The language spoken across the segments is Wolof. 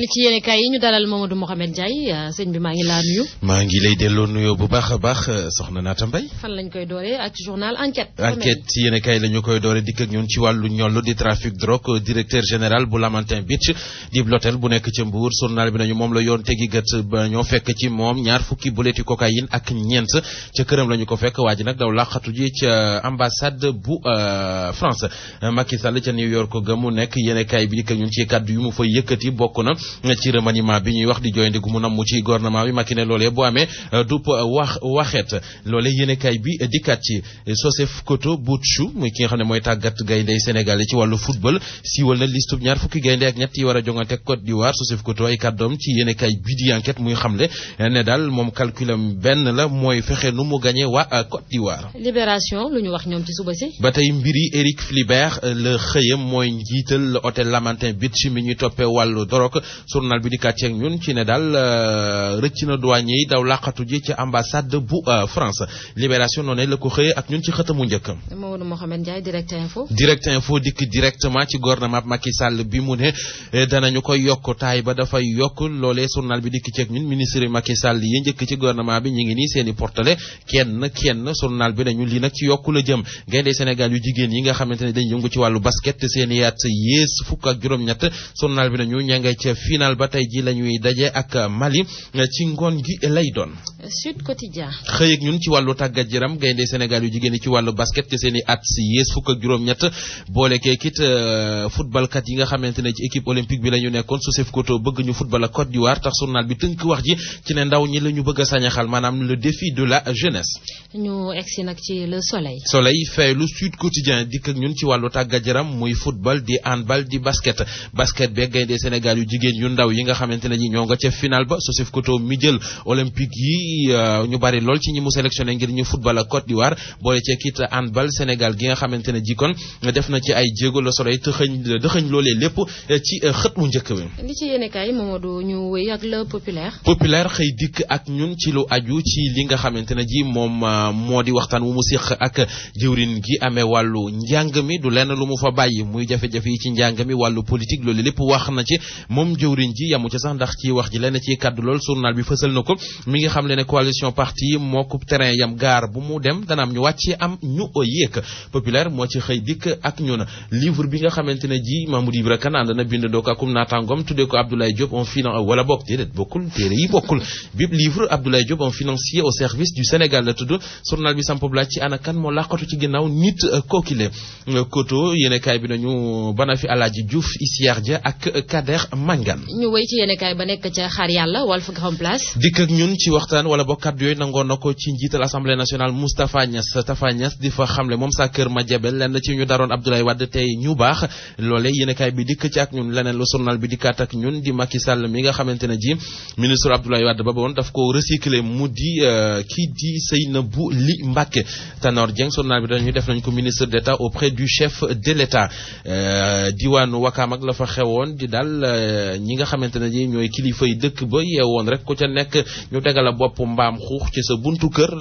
li ci yéene yi ñu dalal Mamadou Mouhamed Ndiaye euh, sëñ bi maa ngi laa nuyu. maa ngi lay delloo nuyoo bu baax a baax euh, soxna Naata mbay fan lañ koy dooree ak journal enquête. enquête ci yéene kaay la ñu koy dooree dikk ak ñun ci wàllu ñollu di trafic drogue euh, directeur général bu Lamantin Beach di l'hôtel bu nekk ca Mbour journal bi nañu moom la yoon tegi gët ba ñoo fekk ci moom ñaar fukki buleti cocaïne ak ñeent ca këram la ñu ko fekk waa ji nag daw laqatu ji ca ambassade bu France Macky Sall ca New York ga mu nekk yéene kaay bi dikk ak ñun ci kàddu yu mu bokk na ci remaniement bi ñuy wax di jooyandi gu mu namm ci gouvernement bi Macky ne loolee amee euh, du euh, wax waxeet loolee yéenekaay bi dikkaat ci Joseph euh, Koto Boutchou muy ki nga xam ne mooy tàggat gaynde Sénégal yi ci wàllu football siiwal na liste ñaar fukki gaynde ak ñett war a jongante Côte d'Ivoire Joseph Koto ay kàddoom ci yéenekaay bi di enquête muy xamle ne daal moom calculam benn la mooy fexe nu mu gagné waa Côte d'Ivoire. Libération lu ñu wax ñoom ci suba si. ba tey mbiri Éric Flibert la xëyam mooy njiital hôtel Lamantin Beach mi ñu toppee wàllu dorog journal bi di kàcce ak ñun ci ne daal euh, rëcc na douane yi daw làqatu ji ci ambassade bu euh, France libération noonu la ko xëyee ak ñun ci xëtamu njëkk. Maodo Mouhamed Ndiaye direct info. direct info dikk directement ci gouvernement Macky Sall bi mu ne eh, danañu koy yokk taay ba dafay yokk loolee journal bi dikk ci ak ñun ministre Macky Sall yi njëkk ci gouvernement bi ñu ngi nii seen i portale kenn kenn journal bi nañu lii nag ci yokku la jëm gaynde Sénégal yu jigéen yi nga xamante ne dañu yëngu ci wàllu basket seen i yaat yées fukk ak bi nañu final ba tey ji la ñuy daje ak Mali ci ngoon gi lay doon. Sud Quotidien. xëy ak ñun ci wàllu tàggat yaram gaynde Sénégal yu jigéen ñi ci wàllu basket ci seen i at si yées fukk juróom-ñett boolekee kit euh, footballkat yi nga xamante ne ci équipe olympique bi la ñu nekkoon Sosef Koto bëgg ñu a ak Côte d'Ivoire tax journal bi tënk wax ji ci ne ndaw ñi la ñu bëgg a sañaxal maanaam le défi de la jeunesse. ñu egsi nag ci le soleil. soleil faylu Sud Quotidien yu ndaw yi nga xamante ne ñoo nga ca final ba Sosif Koto mi jël olympique yi euh, ñu bari lool ci ñi mu sélectionné ngir ñu football ak Côte d'Ivoire boole cee kit handball Sénégal gi nga xamante ne ji kon def na ci ay jéego la soleil tëxëñ dëxëñ loolee lépp euh, ci euh, xët mu njëkk bi. li ci yéen kay Mamadou ñu wéy ak le populaire. populaire xëy li nga xamante ne ji moom moo di waxtaan wu mu séq ak jëwrin gi amee wàllu njàng mi du lenn lu mu fa bàyyi muy jafe-jafe yi ci njàng mi wàllu politique loolu lépp wax na ci moom jëwriñ ji yamu ca sax ndax ci wax ji lenn ci kàddu lool journal bi fësal na ko mi ngi xam le ne coalition parti moo ko terrain yam gaar bu mu dem dana ñu wàccee am ñu yéeg populaire moo ci xëy dikk ak ñun livre bi nga xamante ne ji Mamadou Ibra Kane ànd na bind doo ko akum naataangoom tuddee ko Abdoulaye Diop un euh, yi bokkul bib livre Abdoulaye Diop un financier au service du Sénégal la tudd journal bi samp laaj ci ana kan moo làqatu ci ginnaaw nit euh, kookile euh, koto yéenekaay bi nañu gan. ñu wéy ci yéen kaay ba nekk ca xaar yàlla Walf Grand Place. dikk ak ñun ci waxtaan wala boog kàddu yooyu nangoon na ko ci njiital assemblée nationale Moustapha Niass di fa xamle moom sa kër ma jebel lenn ci ñu daroon Abdoulaye Wade tey ñu baax loolee yéen bi dikk ci ak ñun leneen lu journal bi dikkaat ak ñun di Macky mi nga xamante ne ji ministre Abdoulaye Wade ba woon daf ko recycler mu di euh, kii di Seynabou Ly Mbacké Tanor Dieng journal bi dañu def ñi nga xamante ne ji ñooy kilifay dëkk ba yeewoon rek ku ca nekk ñu tegala bopp mbaam xuux ci sa buntu kër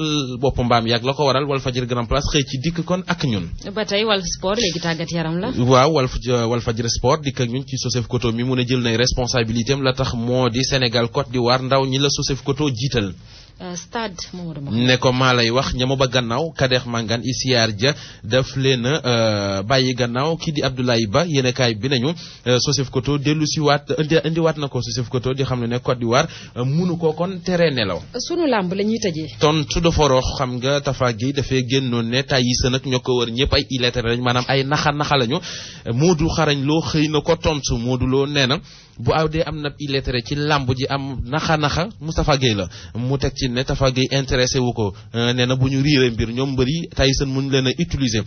bopp mbaam yàgg la ko waral wal fajir Grand Place xëy ci dikk kon ak ñun. ba tey Walf Sport léegi tàggat yaram la. waaw wal Walf Fadjri Sport dikk ak ñun ci Joseph Koto mi mu ne jël nay responsabilité am la tax moo di Sénégal di d'Ivoire ndaw ñi la Joseph Koto jiital. Euh, stade Mamadou Mokho ne ko maa lay wax ñama ba gannaaw Kader Mangane Isiar Dia daf leen a euh, bàyyi gannaaw kii di Abdoulaye Ba yéen kaay bi nañu Sosef euh, Koto dellu si waat indi indiwaat na ko Sosef Koto di xam ne ne Côte d'Ivoire munu ko kon tere nelaw. sunu làmb la ñuy ton tontu de foroox xam nga Tafa Gueye dafay génnoon ne Taïsa nag ñoo ko wër ñëpp ay illettrés lañ maanaam ay naxa naxa lañu Moodu xarañ loo xëy na ko tontu Moodu loo nee bu aw dee am na illettré ci làmb ji am naxa naxa la Tafaatin ne Tafa Gueye intéressé wu ko euh, nee na bu ñu riiree mbir ñoom mbër yi Tyson mun leen a utiliser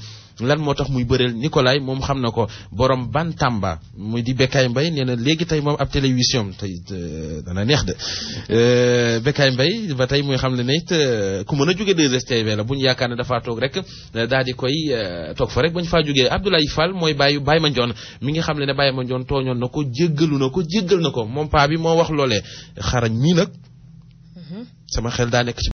lan moo tax muy bëreel Nicolay moom xam na ko borom Bantamba muy di Bekay mbay nee na léegi tey moom ab télévision tey euh, dana neex de euh, Bekay Mbaye ba tey muy xam ne ne ku mën a jóge 2STV la bu ñu yaakaar ne dafaa toog rek daal di koy toog fa rek ba ñu faa jógee Abdoulaye Fall mooy bàyyi Baye Mandione mi ngi xam ne ne Baye Mandione tooñoon na ko jéggalu na ko jéggal na ko moom paa bi moo wax loolee xarañ mii nag sama xel daa nekk ci